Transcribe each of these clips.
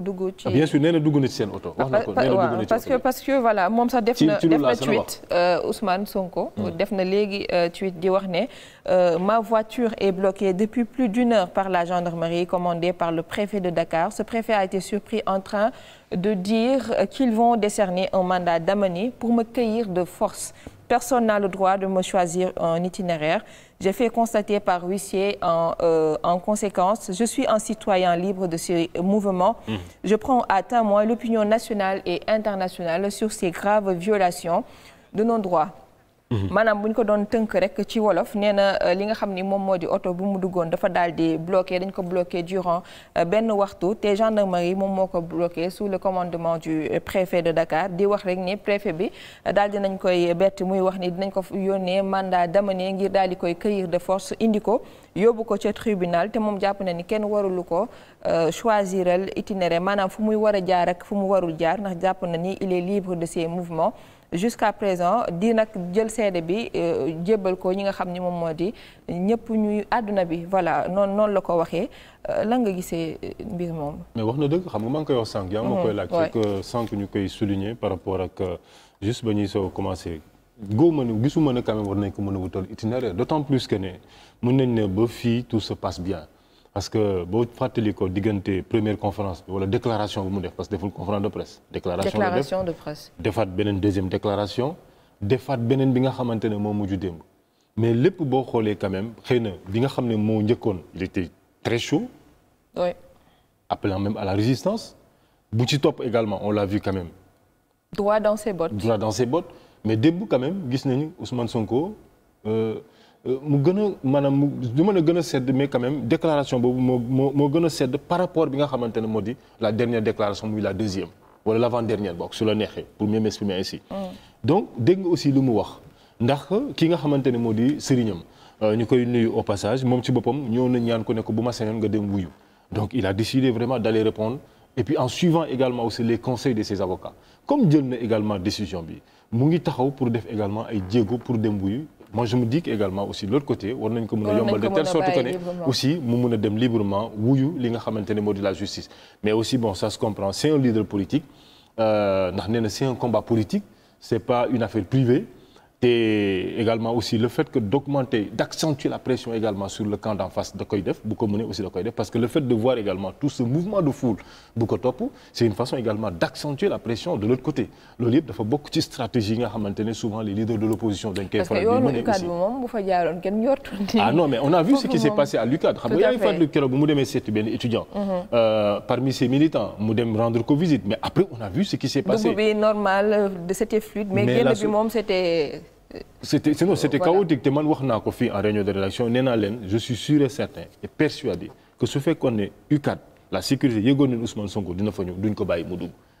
dugg ci. Ah, bien sûr nee na dugg na ci parce que parce que voilà moom sax def na def na tweet euh, Ousmane hmm. def na léegi euh, tweet di wax ne euh, ma voiture est bloquée depuis plus d'une heure par la gendarmerie commandée par le préfet de Dakar ce préfet a été surpris en train de dire qu'ils vont décerner un mandat d'amener pour me cueillir de force. Personne n'a le droit de me choisir un itinéraire. J'ai fait constater par huissier en, euh, en, conséquence. Je suis un citoyen libre de ce mouvement. Mmh. Je prends à témoin l'opinion nationale et internationale sur ces graves violations de nos droits. Mhm. maanaam bu ñu ko doon tënk rek ci wolof nee na euh, li nga xam ni moom moo di oto bu mu duggoon dafa daal di bloqué dañ ko bloqué durant euh, benn waxtu te yi moom moo ko bloqué sous le commandement du préfet de Dakar di wax rek ni préfet bi euh, daal di nañ koy bett muy wax ni dinañ ko yónnee mandat d'amener ngir daal di koy cueillir de force indi ko yóbbu ko ca tribunal te moom jàpp na ni kenn warulu ko choisiral itinéraire maanaam fu muy war a jaar ak fu mu warul jaar ndax jàpp na ni il est libre de ses jusqu'à présent di nag jël seede bi euh, jébbal ko ñi nga xam ni moom moo di ñëpp ñuy àdduna bi voilà noonu noonu la ko waxee euh, lan nga gisee euh, mbir moom. mais wax na dëgg xam nga maa ngi koy wax sànq. yaa ngi ma koy mhm, laaj rek ñu koy souligner par rapport ak juste ba ñuy soog commencé. góob ma ne gisuma ne quand war nañ ko mën a wutal itinéraire d'autant plus que ne mën nañ ne ba fii tout se passe bien. parce que boo fàttali ko diggante première conférence bi wala déclaration bu mu def parce que deful conférence de presse. déclaration de presse defaat beneen deuxième déclaration. defaat beneen bi nga xamante ne moo mujj démb. mais lépp boo xoolee quand xëy na bi nga xam ne moo njëkkoon. il était très chaud. oui. appelant même à la résistance. bu ci topp également on l'a vu quand droit dans ses bottes. droit dans ses bottes mais démb quand même gis nañu Ousmane Sonko. Euh, mu gën a maanaam mu ñu mën a gën a sedd mais quand déclaration boobu moo moo moo gën a sedd par rapport bi nga xamante ne moo di la dernière déclaration muy la deuxième wala l'avant-dernière bokk su la neexee pour mieux m'exprimer ainsi. Mm. donc dégg nga aussi lu mu wax ndax ki nga xamante ne moo di sëriñam euh, ñu koy nuyu au passage moom ci boppam ñëw na ñaan ko ne ko bu ma sañoon nga dem wuyu donc il a décidé vraiment d'aller répondre et puis en suivant également aussi les conseils de également décision bi mu ngi taxaw pour def également ay jéego pour dem moo je me dis que également aussi de l'autre côté war nañ ko mën a yombal de telle sorte que aussi mu mën a dem librement wuyu li nga xamante ne moo di la justice mais aussi bon ça se comprend c'est un leader politique euh, ndax nee na c'est un combat politique c'est pas une affaire privée te également aussi le fait que d'accentuer la pression également sur le camp d'en face da koy bu ko aussi da koy parce que le fait de voir également tout ce mouvement de foule bu ko c'est une façon également d'accentuer la pression de l'autre côté loolu yëpp dafa bokk ci stratégie nga xamante souvent les leaders de l'opposition dañ koy faral di ah ce qui s'est passé à l'UCAD xam nga yaa ngi étudiant mhm. euh, parmi ses militants c'était sinon c'était chaotique te man wax naa ko fii en réunion de rédaction nee naa leen je suis sûr et et persuadé que su fekkoon ne UCAD la sécurité yëgoon nañu Ousmane Sonko dina fa ñëw duñ ko bàyyi mu dugg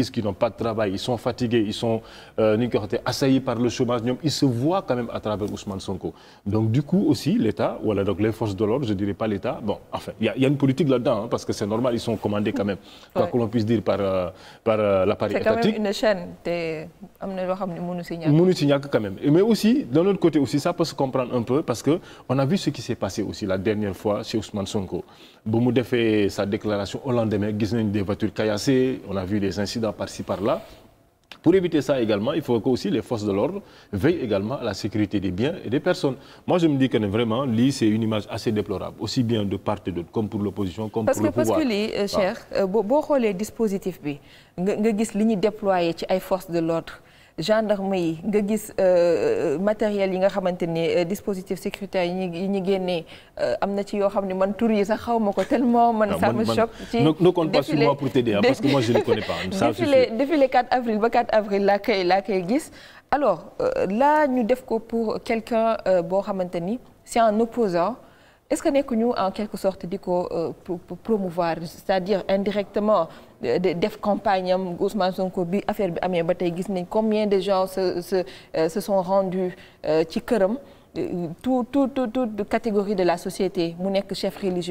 disent qu'ils n'ont pas de travail, ils sont fatigués, ils sont euh, assaillis par le chômage, ils se voient quand même à travers Ousmane Sonko. Donc du coup aussi, l'État, voilà, les forces de l'ordre, je ne pas l'État, il y, a une politique là-dedans, hein, parce que des... quand même. Mais aussi, d'un autre côté aussi, ça peut se comprendre un peu, parce qu'on a vu ce qui s'est passé aussi la dernière fois chez Ousmane Sonko. Boumou fait sa déclaration au lendemain, attentats par-ci par-là. Pour éviter ça également, il faut que les forces de l'ordre veillent également à la sécurité des biens et des personnes. Moi, je me dis que vraiment, lii c'est une image assez déplorable, aussi bien de part d'autre, comme pour l'opposition, comme pour que, le pouvoir. Parce que euh, ah. euh, dispositif bi nga gis li déployé ci ay forces de l'ordre gendarme yi nga gis euh, euh, matériel yi nga xamante ni euh, dispositif sécuritaire yi ñu yi ñu génnee am na ci yoo xam ne man tour yi sax xaw ma ko tellement man ah, ça me choque ci ne compte pas sur moi défilé défilé avril ba 4 avril laa koy laa koy gis alors là ñu def ko pour quelqu'un boo xamante ni c'est opposant est-ce que nekkuñu en quelque sorte di ko euh, promouvoir c'est-à-dire indirectement euh, def campagne am Ousmane Sonko bi affaire bi amee ba tey gis nañ combien de gens se se euh, se sont rendus ci këram tout tout tout toute catégorie de la société mu nekk chef religieux